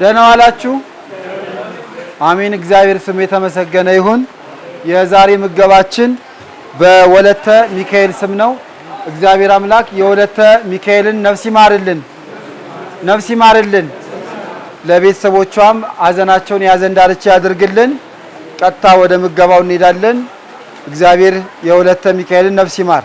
ደህና ዋላችሁ። አሜን። እግዚአብሔር ስም የተመሰገነ ይሁን። የዛሬ ምገባችን በወለተ ሚካኤል ስም ነው። እግዚአብሔር አምላክ የወለተ ሚካኤልን ነፍስ ይማርልን፣ ነፍስ ይማርልን። ለቤተሰቦቿም ሀዘናቸውን የሀዘን ዳርቻ ያድርግልን። ቀጥታ ወደ ምገባው እንሄዳለን። እግዚአብሔር የወለተ ሚካኤልን ነፍስ ይማር።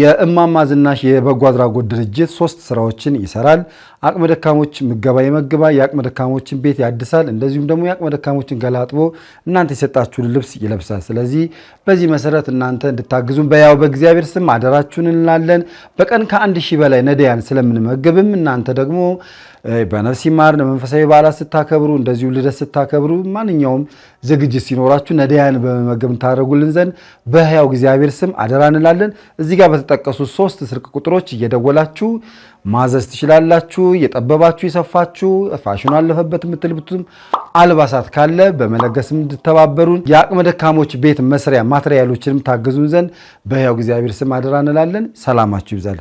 የእማማ ዝናሽ የበጎ አድራጎት ድርጅት ሶስት ስራዎችን ይሰራል። አቅመ ደካሞች ምገባ ይመግባል፣ የአቅመ ደካሞችን ቤት ያድሳል፣ እንደዚሁም ደግሞ የአቅመ ደካሞችን ገላጥቦ እናንተ የሰጣችሁን ልብስ ይለብሳል። ስለዚህ በዚህ መሰረት እናንተ እንድታግዙን በያው በእግዚአብሔር ስም አደራችሁን እንላለን። በቀን ከአንድ ሺህ በላይ ነዳያን ስለምንመገብም እናንተ ደግሞ በነፍስ ይማር መንፈሳዊ በዓላት ስታከብሩ፣ እንደዚሁ ልደት ስታከብሩ፣ ማንኛውም ዝግጅት ሲኖራችሁ ነዳያን በመመገብ ታደረጉልን ዘንድ በህያው እግዚአብሔር ስም አደራ እንላለን እዚህ ጋር በተጠቀሱ ሶስት ስልክ ቁጥሮች እየደወላችሁ ማዘዝ ትችላላችሁ። እየጠበባችሁ የሰፋችሁ ፋሽኑ አለፈበት የምትልብቱም አልባሳት ካለ በመለገስ እንድተባበሩን የአቅመ ደካሞች ቤት መስሪያ ማትሪያሎችንም ታግዙን ዘንድ በሕያው እግዚአብሔር ስም አደራ እንላለን። ሰላማችሁ ይብዛል።